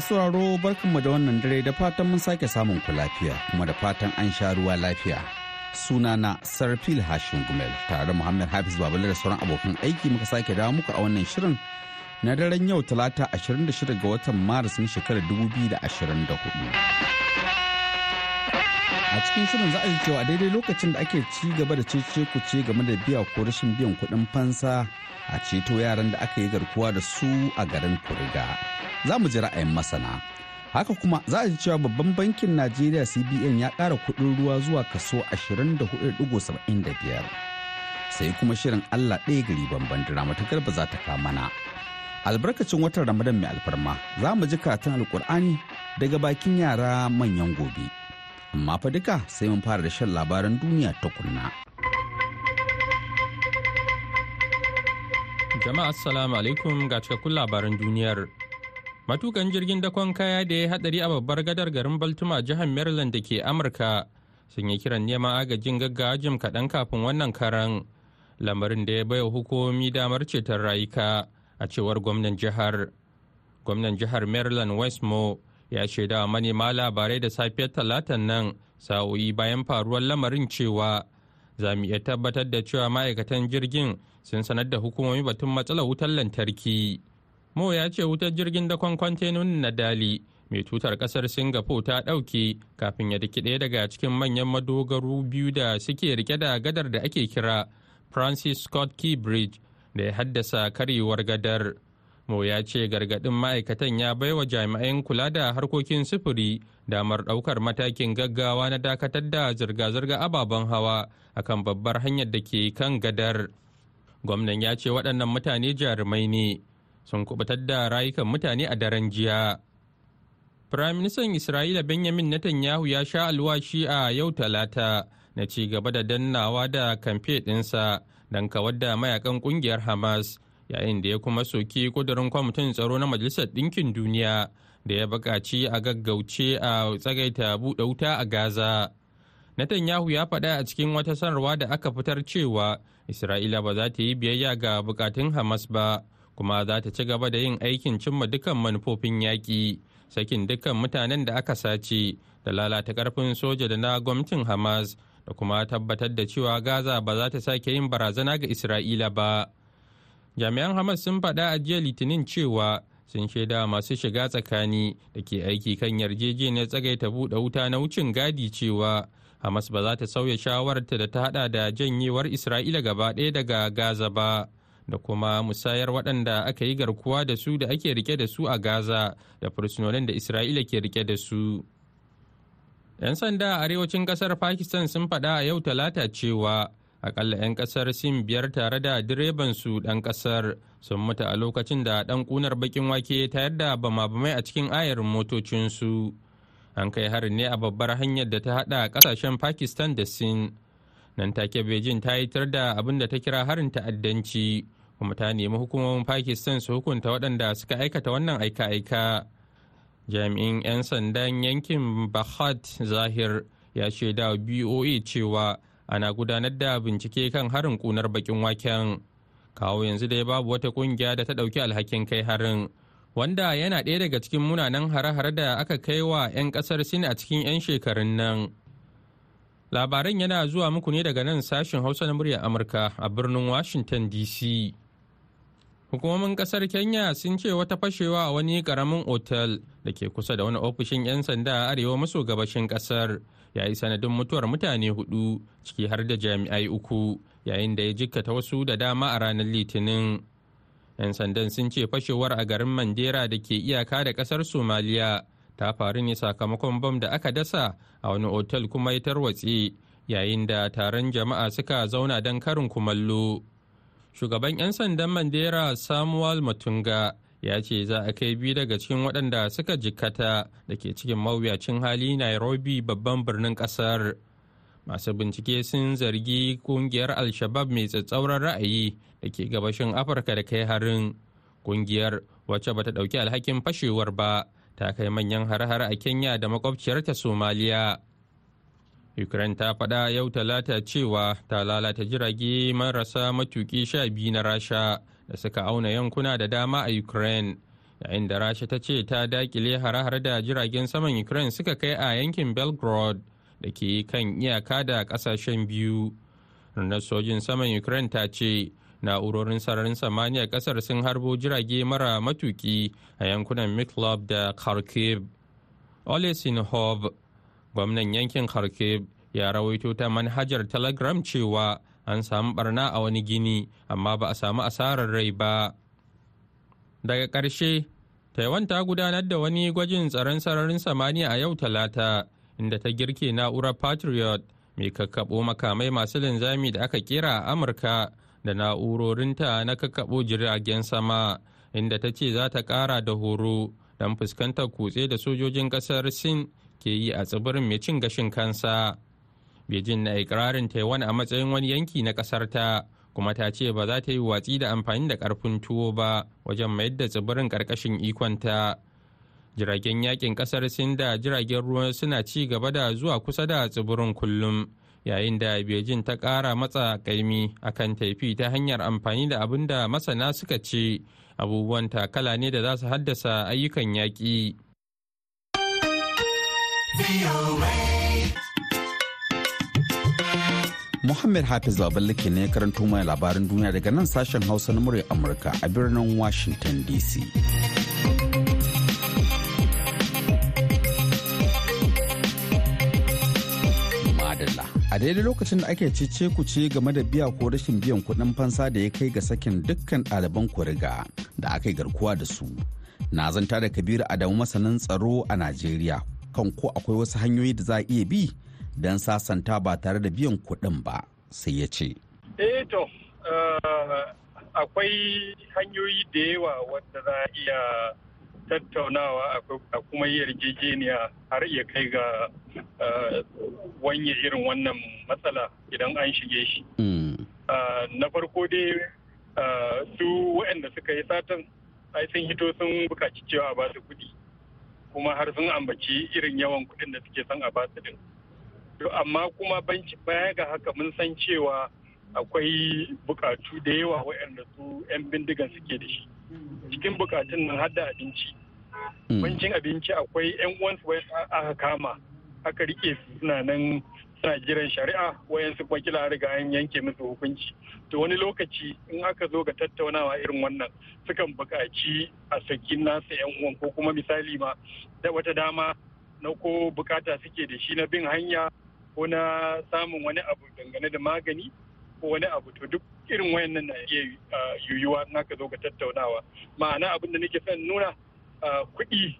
Masu raro barkanmu da wannan dare da fatan mun sake samun ku lafiya kuma da fatan an sha ruwa lafiya. Sunana Sarfil Hashim Gumel tare da Muhammad Hafiz Babalai da sauran abokan aiki muka sake dawo muku a wannan shirin na daren yau talata 26 ga watan Maris na shekarar 2024. a cikin shirin za a ji cewa daidai lokacin da ake ci gaba da cece ce game da biya ko rashin biyan kuɗin fansa a ceto yaran da aka yi garkuwa da su a garin kuriga za mu ji ra'ayin masana haka kuma za a ji cewa babban bankin najeriya cbn ya ƙara kuɗin ruwa zuwa kaso 24.75 sai kuma shirin allah ɗaya gari bambam drama ta garba za ta kamana albarkacin watan ramadan mai alfarma za mu ji karatun alkur'ani daga bakin yara manyan gobe amma fa duka sai mun fara da shan labaran duniya ta kunna. Jama'a assalamu alaikum ga cikakkun labaran duniyar. Matukan jirgin dakon kaya da ya hadari a babbar gadar garin Baltima jihar Maryland da ke Amurka sun yi kiran neman agajin gaggawa jim kaɗan kafin wannan karan. Lamarin da ya baiwa hukumomi damar ceton rayuka a cewar gwamnan jihar. Gwamnan jihar Maryland Westmore ya shaida manema labarai da safiyar talatan nan sa'o'i bayan faruwar lamarin cewa zamu mu iya tabbatar da cewa ma'aikatan jirgin sun sanar da hukumomi batun matsalar wutar lantarki mo ya ce wutar jirgin dakon kwantenonin na dali mai tutar kasar singapore ta ɗauke kafin ya diki ɗaya daga cikin manyan madogaru biyu da suke rike da gadar da ake kira francis scott key bridge da ya haddasa karyewar gadar Mo ya ce gargaɗin ma'aikatan ya baiwa jami'an kula da harkokin sufuri damar ɗaukar matakin gaggawa na dakatar da zirga-zirga ababen hawa akan babbar hanyar da ke kan gadar. Gwamnan ya ce waɗannan mutane jarumai ne sun kubutar da rayukan mutane a daren jiya. Firaministan Isra'ila Benjamin Netanyahu ya sha alwashi a yau talata na ci gaba da dannawa da kamfe ɗinsa don kawar da mayakan ƙungiyar Hamas. yayin da ya kuma soki kudurin kwamitin tsaro na majalisar ɗinkin duniya da ya bukaci a gaggauce a tsagaita buɗe wuta a gaza netanyahu ya faɗa a cikin wata sanarwa da aka fitar cewa isra'ila ba za ta yi biyayya ga bukatun hamas ba kuma za ta ci gaba da yin aikin cimma dukkan manufofin yaƙi sakin dukkan mutanen da aka sace da lalata karfin soja da na gwamnatin hamas da kuma tabbatar da cewa gaza ba za ta sake yin barazana ga isra'ila ba jami'an hamas sun faɗa a jiya litinin cewa sun shaida masu shiga tsakani da ke aiki kan yarjejeniyar tsagaita buɗe wuta na wucin gadi cewa hamas ba za ta sauya shawararta da ta haɗa da janyewar isra'ila gaba ɗaya daga gaza ba da kuma musayar waɗanda aka yi garkuwa da su da ake rike da su a gaza da fursunonin da isra'ila ke rike da su 'yan sanda a arewacin kasar pakistan sun faɗa a yau talata cewa akalla 'yan kasar sin biyar tare da direban su ɗan kasar sun mutu a lokacin da ɗan kunar bakin wake ya tayar da bama-bamai a cikin motocin motocinsu an kai harin ne a babbar hanyar da ta haɗa ƙasashen pakistan da sin nan take beijing ta tar da abin da ta kira harin ta'addanci kuma ta nemi hukumomin pakistan su hukunta waɗanda suka aikata wannan aika-aika jami'in 'yan sandan yankin bahat zahir ya shaida boa e cewa ana gudanar da bincike kan harin kunar bakin waken kawo yanzu dai babu wata kungiya da ta ɗauki alhakin kai harin wanda yana ɗaya daga cikin munanan hare-hare da aka kai wa 'yan ƙasar sin a cikin 'yan shekarun nan labaran yana zuwa muku ne daga nan sashen hausa na murya amurka a birnin washington dc hukumomin ƙasar kenya sun ce wata fashewa a wani ƙaramin otal da ke kusa da wani ofishin 'yan sanda a arewa maso gabashin ƙasar ya yi sanadin mutuwar mutane hudu ciki har da jami'ai uku yayin da ya jikkata wasu da dama a ranar litinin 'yan sandan sun ce fashewar a garin mandera da ke iyaka da kasar somaliya ta faru ne sakamakon bom da aka dasa a wani otal kuma ya tarwatse yayin da taron jama'a suka zauna don karin kumallo shugaban 'yan sandan mandera samuel matunga ya ce za a kai biyu daga cikin waɗanda suka jikkata da ke cikin mawuyacin hali nairobi babban birnin ƙasar masu bincike sun zargi kungiyar al-shabab mai tsatsauran ra'ayi da ke gabashin afirka da kai harin kungiyar wacce bata ɗauki alhakin fashewar ba ta kai manyan har-har a kenya da makwabciyarta somaliya ukraine ta faɗa yau talata cewa ta lalata jirage marasa matuki sha biyu na rasha da suka auna yankuna da dama a ukraine yayin da rasha ta ce ta dakile hare-hare da jiragen saman ukraine suka kai a yankin belgrade da ke kan iyaka da kasashen biyu rundunar sojin saman ukraine ta ce na'urorin sararin samaniya kasar sun harbo jirage mara matuki a yankunan miklov da kharkiv ole gwamnan yankin kharkiv ya rawaito ta manhajar telegram cewa an samu barna a wani gini amma ba a samu asarar rai ba daga ƙarshe taiwan ta gudanar da wani gwajin tsaron sararin samaniya a yau talata inda ta girke na'urar patriot mai kakkaɓo makamai masu linzami da aka kera a amurka da na'urorinta na kakkaɓo jiragen sama inda ta ce za ta ƙara da horo don fuskantar kutse da sojojin ƙasar sin ke yi a tsibirin mai cin gashin kansa. beijing na ikirarin taiwan a matsayin wani yanki na kasar ta kuma ta ce ba za ta yi watsi da amfani da karfin tuwo ba wajen mayar da tsibirin karkashin ikonta jiragen yakin kasar sin da jiragen ruwa suna ci gaba da zuwa kusa da tsibirin kullum yayin da beijing ta kara matsa kaimi akan taifi ta hanyar amfani da abin da masana suka ce abubuwan takala ne da za su haddasa ayyukan yaƙi. Muhammad Hafiz Babalike ne karanto mai labarin duniya daga nan sashen Hausa na murya Amurka a birnin Washington DC. A daidai lokacin da ake cece ku ce game da biya ko rashin biyan kuɗin fansa da ya kai ga sakin dukkan ɗaliban kuriga da aka yi garkuwa da su. Na zanta da Kabiru Adamu masanin tsaro a Najeriya kan ko akwai wasu hanyoyi da za a iya bi don sasanta ba tare da biyan kuɗin ba sai ya ce. Eh to, eh, akwai hanyoyi da yawa wadda za a iya tattaunawa a kuma yarjejeniya har iya kai ga eh, wanye irin wannan matsala idan an shige shi. Hmm. Eh, na farko dai su waɗanda suka yi satan ai sun hito sun bukaci cewa ba su kuɗi kuma har sun ambaci irin yawan kuɗin da suke son a ba su din. amma kuma baya ga haka mun san cewa akwai bukatu da yawa waɗanda su 'yan bindigan suke da shi cikin bukatun nan hada abinci bancin hmm. abinci akwai 'yan uwansu wai aka kama aka rike su suna nan suna jiran shari'a wayansu su kwakila riga an yanke musu hukunci to wani lokaci in aka zo ga tattaunawa irin wannan sukan bukaci a saki nasu 'yan uwan ko kuma misali ma da wata dama na ko bukata suke da shi na bin hanya ko na samun wani abu dangane da magani ko wani abu to duk irin nan na iya yiwuwa in aka zo ga tattaunawa ma'ana abin da nake son nuna kuɗi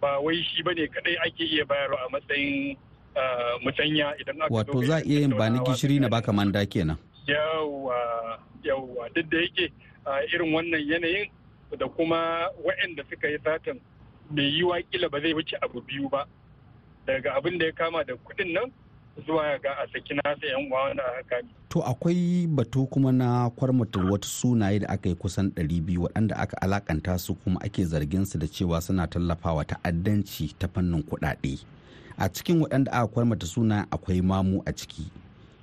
ba wai shi bane kadai ake iya bayarwa a matsayin musanya idan aka wato za iya yin ba ni gishiri na baka manda kenan yawa yawa duk da yake irin wannan yanayin da kuma waɗanda suka yi satan mai yi kila ba zai wuce abu biyu ba daga abin da ya kama da kuɗin nan zuwa ga a saki nasa yan uwa wanda aka To akwai batu kuma na kwarmata wata sunaye da aka yi kusan 200 waɗanda aka alakanta su kuma ake zargin su da cewa suna tallafawa ta'addanci ta fannin kuɗaɗe. A cikin waɗanda aka kwarmata suna akwai mamu a ciki.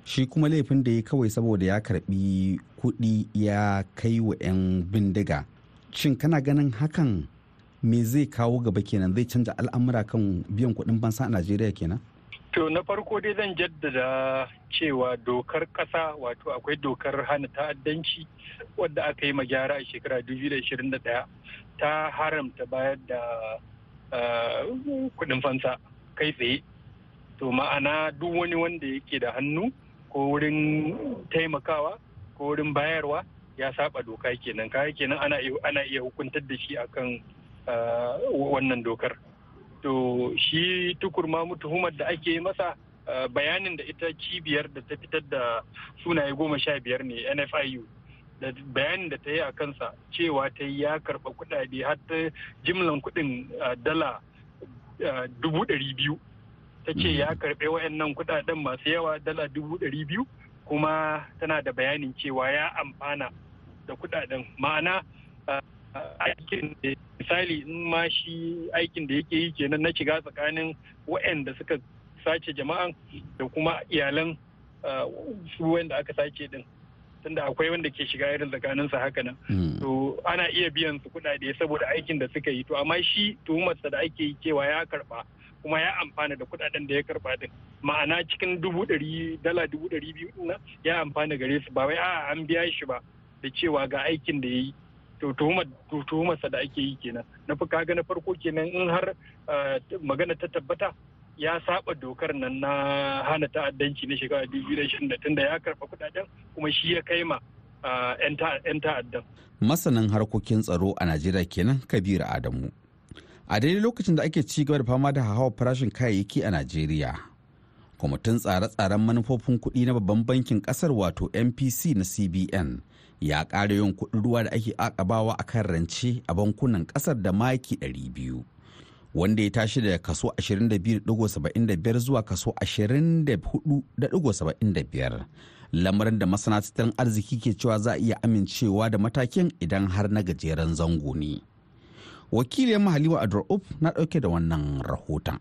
Shi kuma laifin da ya kawai saboda ya karbi kuɗi ya kai wa 'yan bindiga. Shin kana ganin hakan me zai kawo gaba kenan zai canza al'amura kan biyan kuɗin bansa a Najeriya kenan? To na farko dai zan jaddada cewa dokar ƙasa wato akwai dokar hana ta'addanci wadda aka yi ma gyara a shekara 2021 ta haramta bayar da kudin fansa kai tsaye. To ma'ana duk wani wanda yake da hannu ko wurin taimakawa ko wurin bayarwa ya saba doka kenan kaya kenan ana iya hukuntar da shi akan wannan dokar. to shi tukurma tuhumar da ake masa eh, bayanin da ita cibiyar da ta fitar da sunaye goma sha biyar ne nfiu da bayanin da ta yi a kansa cewa ta yi ya karba kudade har ta jimlan kuɗin eh, dala eh, dubu ɗari biyu ta ce ya hmm. karbe wayannan kudaden masu yawa dala dubu ɗari biyu kuma tana da bayanin cewa ya amfana da kudaden ma'ana aikin misali in ma shi aikin da yake yi kenan na shiga tsakanin waɗanda suka sace jama'an da kuma iyalan uh, su wanda aka sace din tunda akwai wanda ke shiga irin tsakanin sa haka nan hmm. to ana iya biyan su kuɗaɗe saboda aikin da suka yi to amma shi tuhumarsa da ake yi cewa ya karba kuma ya amfana da kuɗaɗen da ya karba din ma'ana cikin dubu ɗari dala dubu ɗari biyu ya amfana gare su ba wai a an biya shi ba da cewa ga aikin da ya yi to tuhumarsa da ake yi kenan na fi kaga na farko kenan in har eh, magana ta tabbata ya saba dokar nan na hana ta'addanci na shekara 2020 tunda ya karba kudaden kuma shi ya kai ma eh, 'yan ta'addan. Masanin harkokin tsaro a Najeriya kenan Kabiru Adamu. A daidai lokacin da ake ci gaba da fama da hawa farashin kayayyaki a Najeriya, kwamitin tsare-tsaren manufofin kuɗi na babban bankin ƙasar wato mpc na CBN ya ƙara yin kuɗin ruwa da ake akabawa a kan rance a bankunan ƙasar da maki 200 wanda ya tashi daga kaso 22.75 zuwa kaso 24.75 lamarin da masana tattalin arziki ke cewa za a iya amincewa da matakin idan har na gajeren zango ne wakilin mahaliwa a na ɗauke da wannan rahoton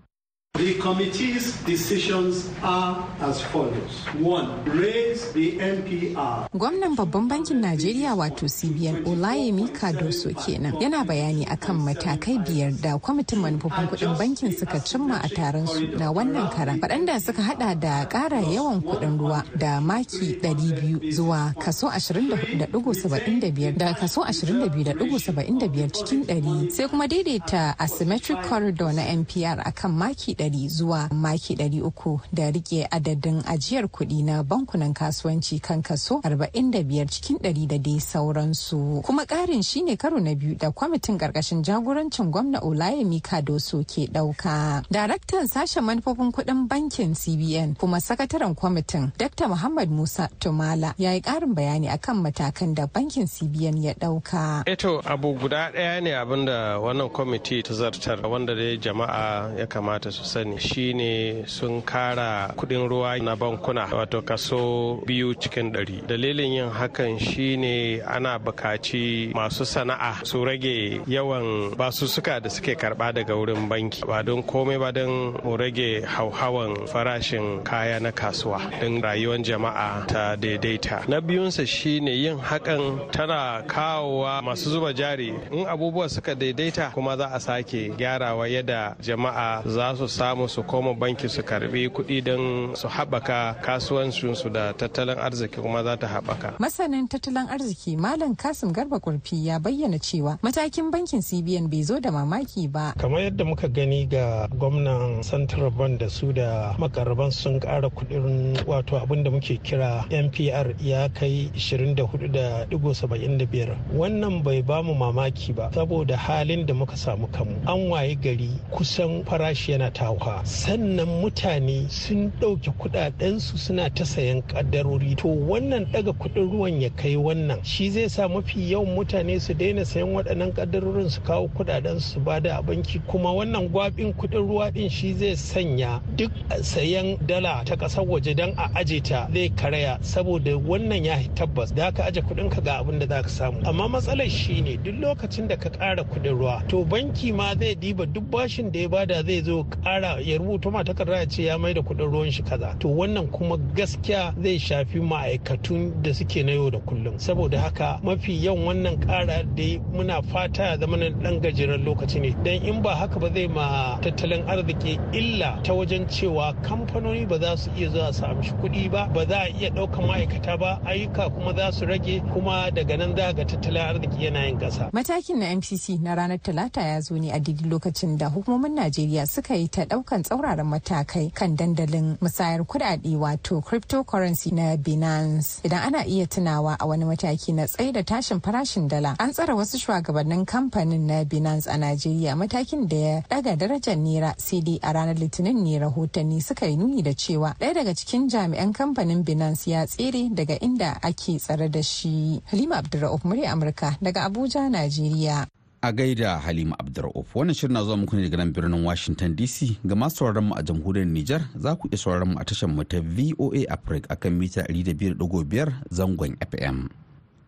The committee's decisions are as follows. One, raise the NPR. Gwamnan Babban Bankin Najeriya wato CBN Olayemi Kadoso kenan yana bayani akan matakai biyar da kwamitin manufofin kuɗin bankin suka cimma a taron su na wannan karan. faɗanda suka hada da ƙara yawan kuɗin ruwa da maki 200 zuwa kaso 24.75 da kaso 22.75 cikin 100 sai kuma daidaita asymmetric corridor na NPR akan maki 100 zuwa maki uku da rike adadin ajiyar kuɗi na bankunan kasuwanci kan kaso arba'in da biyar cikin ɗari da dai sauransu kuma ƙarin shine karo na biyu da kwamitin ƙarƙashin jagorancin gwamna olayemi kadoso ke ɗauka daraktan sashen manufofin kuɗin bankin cbn kuma sakataren kwamitin dr muhammad musa tumala ya yi ƙarin bayani akan matakan da bankin cbn ya ɗauka eto eh abu guda ɗaya ne abinda wannan kwamiti ta zartar wanda dai jama'a ya kamata su sani shine sun kara kudin ruwa na bankuna wato kaso biyu cikin ɗari dalilin yin hakan shine ana bukaci masu sana'a su rage yawan basussuka da suke karba daga wurin banki ba don komai ba don mu rage hauhawan farashin kaya na kasuwa don rayuwar jama'a ta daidaita na biyunsa shine yin hakan tana kawowa masu zuba jari in abubuwa suka daidaita kuma za a sake gyarawa yadda jama'a za su samu su koma banki su karbi kuɗi don su haɓaka kasuwancinsu da tattalin arziki kuma za ta haɓaka. Masanin tattalin arziki Malam Kasim Garba Kurfi ya bayyana cewa matakin bankin CBN bai zo da mamaki ba. Kamar yadda muka gani ga gwamnan Central Bank da su da makarban sun ƙara kuɗin wato abin da muke kira NPR ya kai 24.75. Wannan bai ba mu mamaki ba saboda halin da muka samu kanmu. An waye gari kusan farashi yana tawo hauha sannan mutane sun ɗauke kuɗaɗensu suna ta sayan ƙaddarori to wannan ɗaga kuɗin ruwan ya kai wannan shi zai sa mafi yawan mutane su daina sayan waɗannan ƙaddarorin su kawo kuɗaɗensu su bada a banki kuma wannan gwabin kuɗin ruwa din shi zai sanya duk sayan dala ta ƙasar waje don a aje ta zai karaya saboda wannan ya tabbas da ka aje kuɗin ka ga abin da za ka samu amma matsalar shi ne duk lokacin da ka ƙara kuɗin ruwa to banki ma zai diba duk bashin da ya bada zai zo ƙara kara ya rubuta ma takarda ya ce ya mai da kuɗin ruwan shi kaza to wannan kuma gaskiya zai shafi ma'aikatun da suke na yau da kullum saboda haka mafi yawan wannan kara da muna fata ya zama dan gajeren lokaci ne dan in ba haka ba zai ma tattalin arziki illa ta wajen cewa kamfanoni ba za su iya zuwa su amshi kuɗi ba ba za a iya ɗaukan ma'aikata ba ayyuka kuma za su rage kuma daga nan za ga tattalin arziki yana yin ƙasa. matakin na mpc na ranar talata ya zo ne a daidai lokacin da hukumomin najeriya suka yi ta ta daukan tsauraran matakai kan dandalin musayar kudade wato cryptocurrency na binance idan ana iya tunawa a wani mataki na da tashin farashin dala an tsara wasu shugabannin kamfanin na binance a najeriya matakin da ya daga darajar naira cd a ranar litinin ne rahotanni suka yi nuni da cewa ɗaya daga cikin jami'an kamfanin binance ya tsere daga inda ake tsare da shi halima abdulra'uf murya amurka daga abuja najeriya a gaida halima abdurrauf wannan shirin na zuwa muku ne daga nan birnin washington dc ga masu sauraron mu a jamhuriyar niger za ku iya sauraron mu a tashar mu ta voa africa akan mita 200.5 zangon fm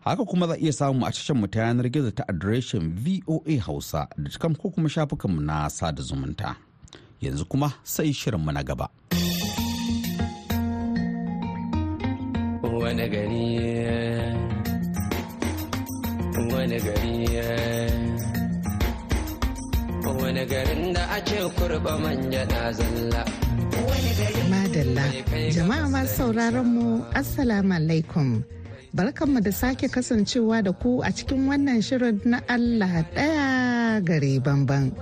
haka kuma za iya samu a tashar mu ta yanar gizo ta adireshin voa hausa da cikam ko kuma shafukan mu na sada zumunta yanzu kuma sai shirin mu na gaba wani gari wani gari eh. wani garin da ake kurba manja na zalla madalla jama'a masu sauraron mu assalamu alaikum barkanmu da sake kasancewa da ku a cikin wannan shirin na allah daya gare banban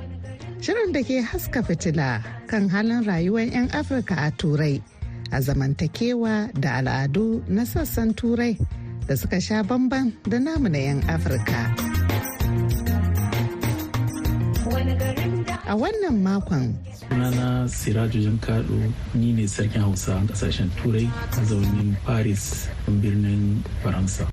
shirin da ke haska fitila kan halin rayuwar 'yan afirka a turai a zamantakewa da al'adu na sassan turai da suka sha bamban da namu na 'yan Afirka. A wannan makon sunana siraju jankado ni ne sarkin hausa a kasashen turai a zaunin paris birnin faransa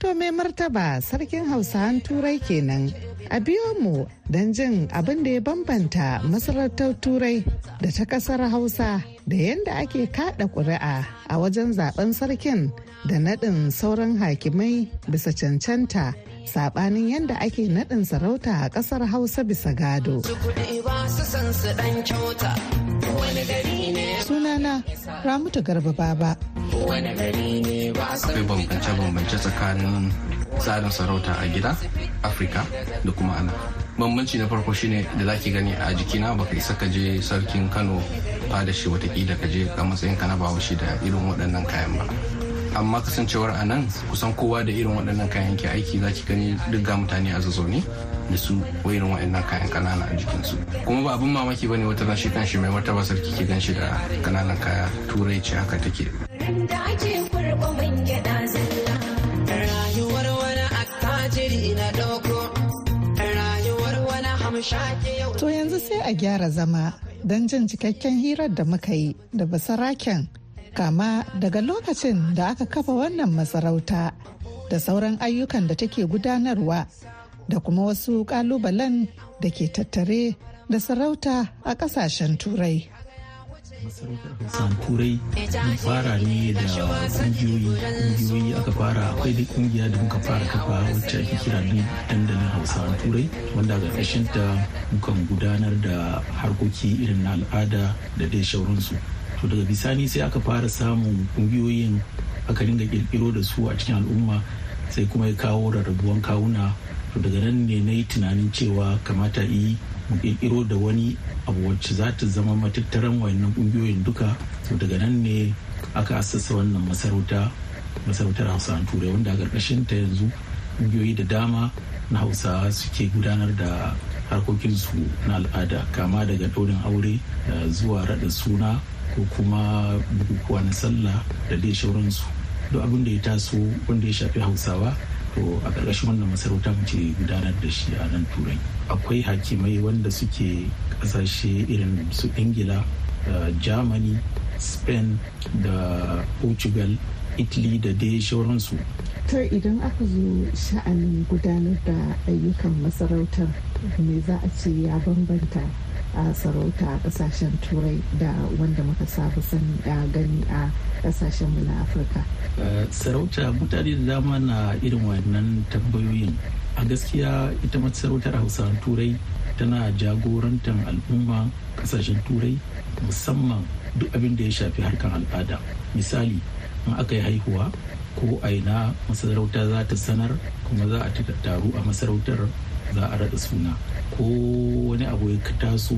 to mai martaba sarkin hausawan turai kenan a biyo mu don jin abin da ya bambanta masarautar turai da ta kasar hausa da yadda ake kada kuri'a a wajen zaben sarkin da naɗin sauran hakimai bisa cancanta sabanin yadda ake naɗin sarauta a ƙasar hausa bisa gado. Sunana ramuta Garba Baba. Akwai bambance-bambance tsakanin tsarin sarauta a gida, Afirka da kuma ana. Bambanci na farko shine da zaki gani a jikina baka isa ka je sarkin Kano fada shi watakila ka je ka matsayin ka na bawa shi da irin waɗannan kayan ba. amma kasancewar a nan kusan kowa da irin waɗannan kayan ke aiki za ki gani duk ga mutane a zazzaune da su irin waɗannan kayan kanana a jikinsu kuma ba abin mamaki ba ne wata rashi shi kanshi mai wata sarki ke gan da kananan kaya turai ce haka take To yanzu sai a gyara zama don jin cikakken hirar da muka yi da basaraken kama daga lokacin da aka kafa wannan masarauta da sauran ayyukan da take gudanarwa da kuma wasu kalubalen da ke tattare da sarauta a kasashen turai. turai mun fara ne da kungiyoyi kungiyoyi aka fara akwai da kungiya da muka fara kafa wacce ake kira dandalin hausawan turai wanda ga ƙarƙashin ta mukan gudanar da harkoki irin na al'ada da dai shaurinsu to daga bisani sai aka fara samun kungiyoyin aka dinga kirkiro da su a cikin al'umma sai kuma ya kawo rarrabuwan kawuna to daga nan ne na yi tunanin cewa kamata yi mu kirkiro da wani abu wacce za ta zama matattaran wayannan kungiyoyin duka to daga nan ne aka assasa wannan masarauta masarautar hausa turai wanda a ƙarƙashin ta yanzu kungiyoyi da dama na hausawa suke gudanar da harkokinsu na al'ada kama daga ɗaurin aure eh, zuwa raɗa suna ko kuma bukukuwa na sallah da dai shauransu duk abin da ya taso wanda ya shafi hausawa to a ƙarƙashin wannan masarauta ce gudanar da shi a nan turai akwai hakimai wanda suke ƙasashe irin su ingila da germany spain da portugal italy da dai shauransu to idan aka zo sha'anin gudanar da ayyukan masarautar me za a ce ya bambanta a sarauta a kasashen turai da wanda muka saba sani a gani a kasashen mu na afirka eh, sarauta mutane da dama na irin wannan tambayoyin a gaskiya ita mace sarautar hausa turai tana jagorantar al'umma kasashen turai musamman duk abin da ya shafi harkar al'ada misali in aka yi haihuwa ko a aina masarauta za ta sanar kuma za a taru a masarautar za a raɗa suna ko wani abu ya taso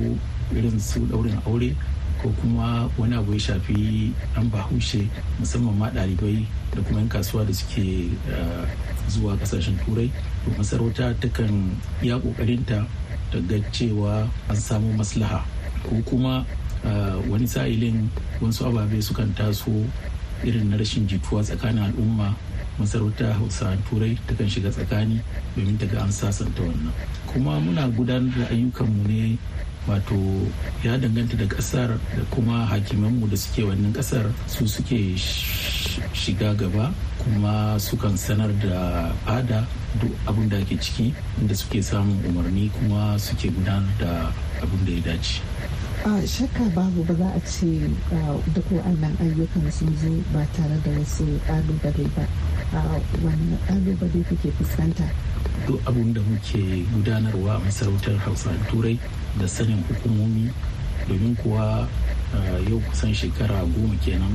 irin su daurin aure ko kuma wani abu ya shafi an bahaushe musamman ma ɗalibai da kuma 'yan kasuwa da suke eh, zuwa kasashen turai to masarauta takan ya ƙoƙarinta ta cewa an samu maslaha ko kuma eh, wani sa'ilin wasu ababe sukan taso irin na rashin jituwa tsakanin al'umma masarauta hausa turai takan shiga tsakani domin ta ga an sasanta wannan kuma muna gudanar da ayyukanmu ne wato ya danganta da kasar da kuma hakimanmu da suke wannan kasar su suke shiga gaba kuma sukan sanar da fada duk abin da ke ciki inda suke samun umarni kuma suke gudanar da abin da ya dace a shakka babu ba za a ce duk wa'annan ayyukan sun zo ba tare da wasu ƙalubale ba wani ƙalubale kake fuskanta duk abin da muke gudanarwa a masarautar hausa da turai da sanin hukumomi domin kuwa eh, yau kusan shekara goma kenan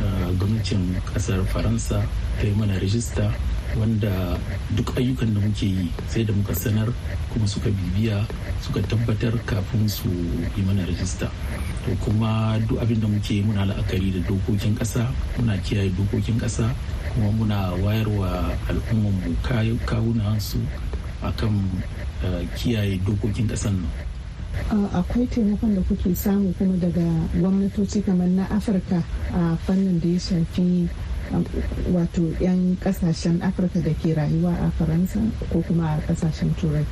eh, gwamnatin kasar faransa ta yi mana rijista wanda duk ayyukan da muke yi sai da muka sanar kuma suka bibiya suka tabbatar kafin su yi mana rajista to kuma duk abin da muke yi muna la'akari da dokokin kasa muna kiyaye dokokin kasa. kuma muna wayarwa al'ummanmu kawunansu akan eh, kiyaye dokokin ƙasar nan ah, akwai taimakon da kuke samu kuma daga gwamnatoci kamar na afirka a fannin da ya shafi um, wato 'yan kasashen afirka da ke rayuwa a faransa ko kuma a kasashen turai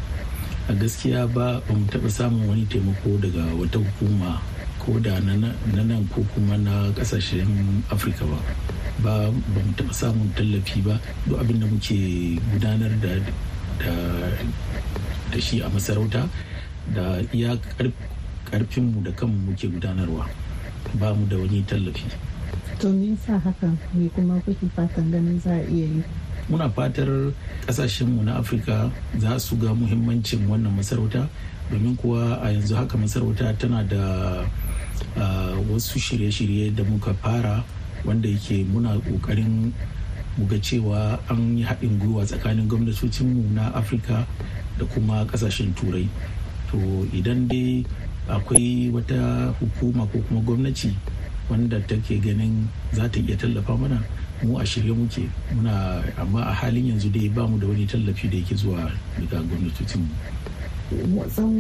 a gaskiya ba ba mu taɓa samun wani taimako daga wata hukuma ko da na nan ko kuma na kasashen afirka ba ba mu taɓa samun tallafi ba duk abin da muke gudanar da da shi a masarauta da iya ƙarfinmu da kanmu muke gudanarwa ba mu da wani tallafi to sa haka me kuma kuke fatan ganin za a iya yi muna fatar ƙasashenmu na afirka za su ga muhimmancin wannan masarauta domin kuwa a yanzu haka masarauta tana da ah, wasu shirye-shirye da muka fara wanda yake muna kokarin muga cewa an yi haɗin gwiwa tsakanin gwamnatocinmu na afirka da kuma ƙasashen turai to idan dai akwai wata hukuma ko kuma gwamnati wanda take ganin za ta iya tallafa mana mu a shirye muke muna amma a halin yanzu dai ba mu da wani tallafi da yake zuwa daga gwamnatocinmu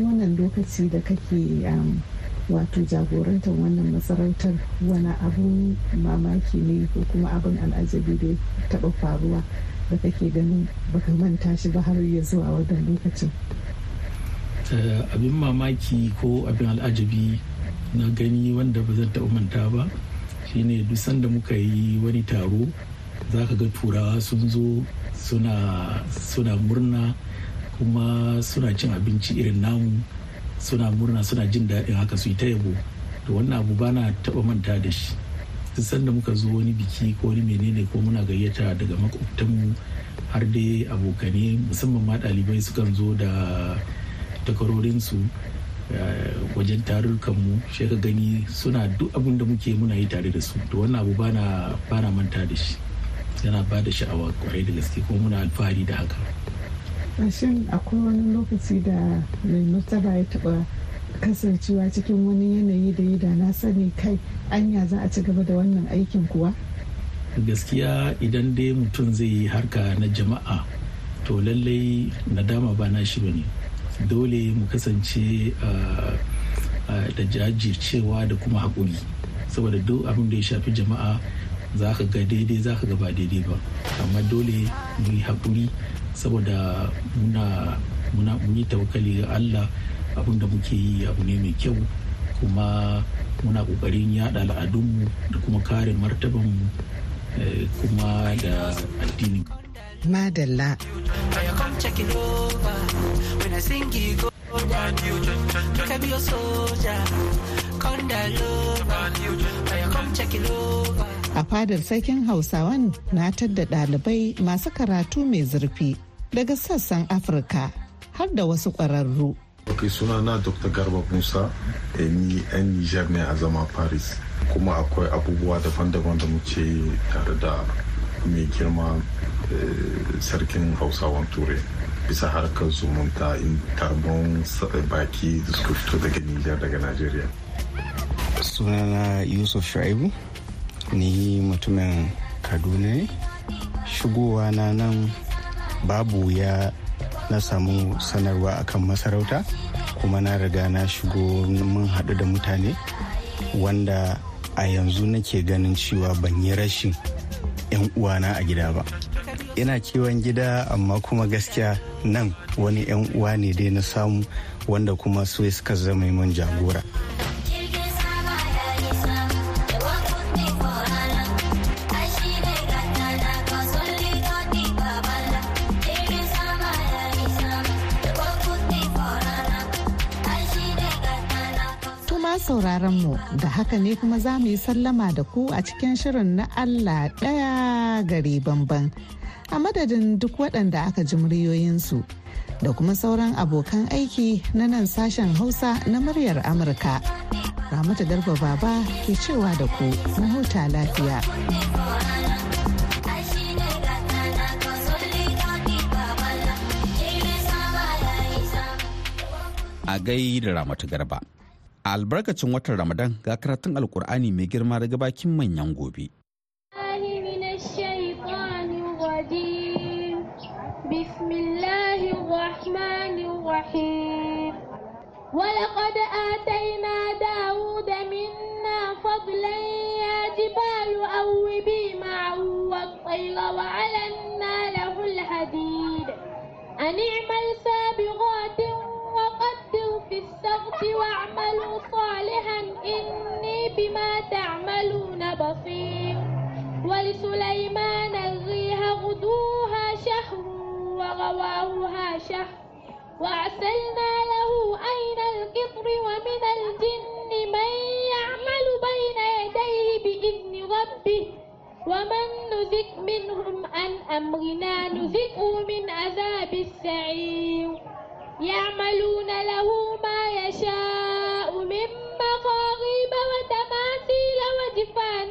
wannan lokaci da kake um, wato jagorantar wannan masarautar wani abu mamaki ne ko kuma abin al'ajabi da ya faruwa da kake ganin baka manta shi ba har ya zuwa wannan lokacin eh, abin mamaki ko abin al'ajabi na gani wanda ba zan taɓa manta ba shine duk sanda muka yi wani taro za ka ga turawa sun zo suna murna kuma suna cin abinci irin namu suna murna suna jin daɗin haka su yi ta yabo to wannan abu bana taɓa manta da shi duk sanda muka zo wani biki ko wani menene ko muna gayyata daga mu har dai abokane musamman ma ɗalibai sukan zo da takarorinsu eh, wajen mu sai ka gani suna duk abin da muke muna yi tare da su to wannan abu bana bana manta da shi yana ba da sha'awa kwarai da gaske ko muna alfahari da haka shin akwai wani lokaci da mai martaba ya taɓa kasancewa cikin wani yanayi da yi da na sani kai anya za a ci gaba da wannan aikin kuwa gaskiya idan dai mutum zai yi harka na jama'a to lallai nadama ba na shi ne dole mu kasance da jajircewa da kuma haƙuri saboda duk abin da ya shafi jama'a za ka ga daidai za ka ga ba daidai ba amma dole mu yi haƙuri saboda muna yi tawakali ga Allah abinda muke yi abu ne mai kyau kuma muna kokarin yada al'adunmu da kuma kare martabanmu eh, kuma da addini madalla ka biyo soja come down a fadar sarkin hausawan na tadda ɗalibai masu karatu mai zurfi daga sassan afirka har da wasu ƙwararru ok suna na dr garba musa eh, ni yan nijar ne a zama paris kuma akwai abubuwa daban-daban da muke tare da mai girma eh, sarkin hausawan turai bisa harkar zumunta in tarbon eh, baki da suka fito daga nijar daga najeriya sunana yusuf shaibu ni mutumin kaduna ne shigowa na nan babu ya na samu sanarwa akan masarauta kuma na riga na shigo mun haɗu da mutane wanda a yanzu nake ganin cewa ban yi rashin 'yan uwana a gida ba ina kiwon gida amma kuma gaskiya nan wani 'yan uwa ne dai na samu wanda kuma su suka zama min jagora sauraronmu da haka ne kuma za mu yi sallama da ku a cikin shirin na Allah ɗaya gari bamban a madadin duk waɗanda aka ji muryoyinsu da kuma sauran abokan aiki na nan sashen Hausa na muryar Amurka. Ramatu Garba Baba ke cewa da ku na huta lafiya. a gai da Ramatu Garba. a albarkacin watan ramadan ga karatun alkur'ani mai girma daga bakin manyan gobe بسم الله الرحمن الرحيم ولقد آتينا داود منا فضلا يا جبال أوبي معه والطيل وعلنا له الحديد أن اعمل سابغات وقدروا في السبت واعملوا صالحا إني بما تعملون بصير ولسليمان الريح غدوها شهر وغواؤها شهر وأرسلنا له أين القطر ومن الجن من يعمل بين يديه بإذن ربه ومن نزك منهم عن أمرنا نذقه من عذاب السعير يعملون له ما يشاء من مقاريب وتماثيل ودفان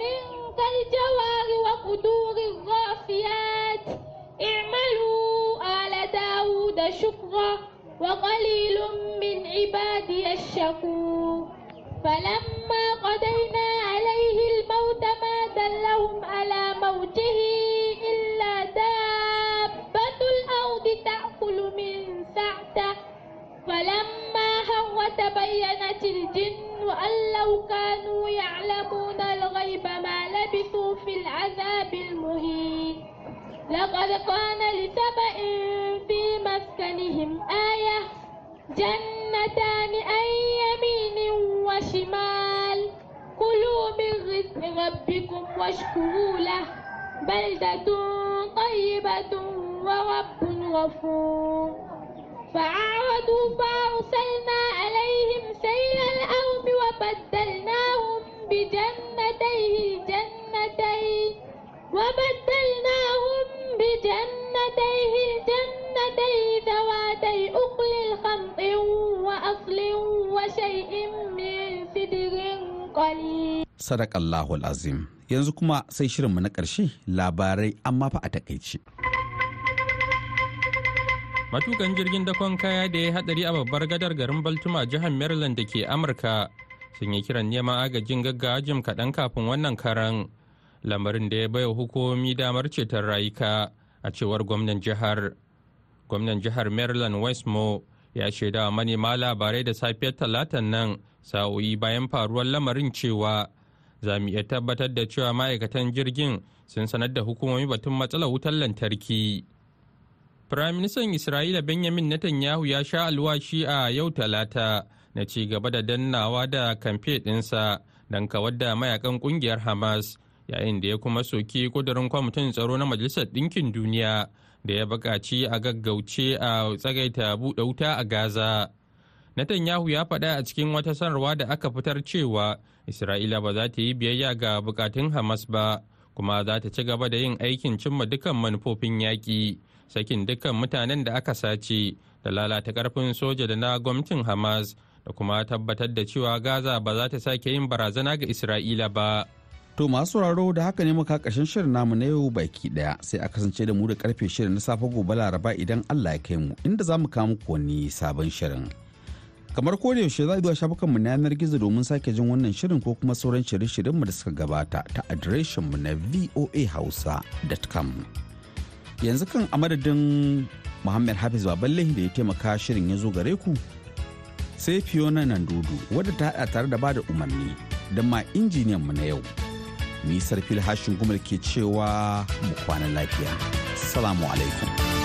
كالجوار وقدور الرافيات اعملوا آل داود شكرا وقليل من عبادي الشكور فلما قضينا عليه الموت ما دلهم على موته وتبينت الجن أن لو كانوا يعلمون الغيب ما لبثوا في العذاب المهين لقد كان لسبأ في مسكنهم آية جنتان أن يمين وشمال كلوا من رزق ربكم واشكروا له بلدة طيبة ورب غفور فعاودوا فأرسلنا عليهم سيل الأرض وبدلناهم بجنتيه الجنتين وبدلناهم بجنتيه الجنتين ذواتي أكل خمط وأصل وشيء من سدر قليل صدق الله العظيم yanzu kuma sai shirinmu لا باري أما amma fa matukan jirgin dakon kaya da ya hadari a babbar gadar garin baltima jihar maryland da ke amurka sun yi kiran neman agajin gaggawa jim kaɗan kafin wannan karan lamarin da ya baiwa hukumomi damar ceton rayuka a cewar gwamnan jihar gwamnan jihar maryland westmo ya shaida manema labarai da safiyar talatan nan sa'o'i bayan faruwar lamarin cewa za mu iya tabbatar da cewa ma'aikatan jirgin sun sanar da hukumomi batun matsalar wutar lantarki Firaministan Isra'ila Benjamin Netanyahu ya sha alwashi a yau talata na ci gaba da dannawa da kamfe ɗinsa don kawar da mayakan ƙungiyar Hamas yayin da ya kuma soki kudurin kwamitin tsaro na Majalisar Ɗinkin Duniya da ya buƙaci a gaggauce a tsagaita buɗe wuta a Gaza. Netanyahu ya faɗa a cikin wata sanarwa da aka fitar cewa Isra'ila ba za ta yi biyayya ga bukatun Hamas ba, kuma za ta ci gaba da yin aikin cimma dukkan manufofin yaƙi. sakin dukkan mutanen da aka sace da lalata karfin soja da na gwamnatin hamas da kuma tabbatar da cewa gaza ba za ta sake yin barazana ga isra'ila ba to masu sauraro da haka ne muka kashin shirin namu na yau baki daya sai a kasance da mu da karfe shirin na safe gobe laraba idan allah ya kai mu inda zamu kawo muku wani sabon shirin kamar ko yaushe za a zuwa mu na yanar gizo domin sake jin wannan shirin ko kuma sauran shirye shiryen mu da suka gabata ta mu na voahausa.com yanzu kan a madadin muhammad hafiz baballe da ya taimaka shirin ya zo gare ku sai fiona nan wadda ta haɗa tare da bada umarni da ma injiniyan mu na yau nisar fil hashin gumal ke cewa mu kwana lafiya salamu alaikum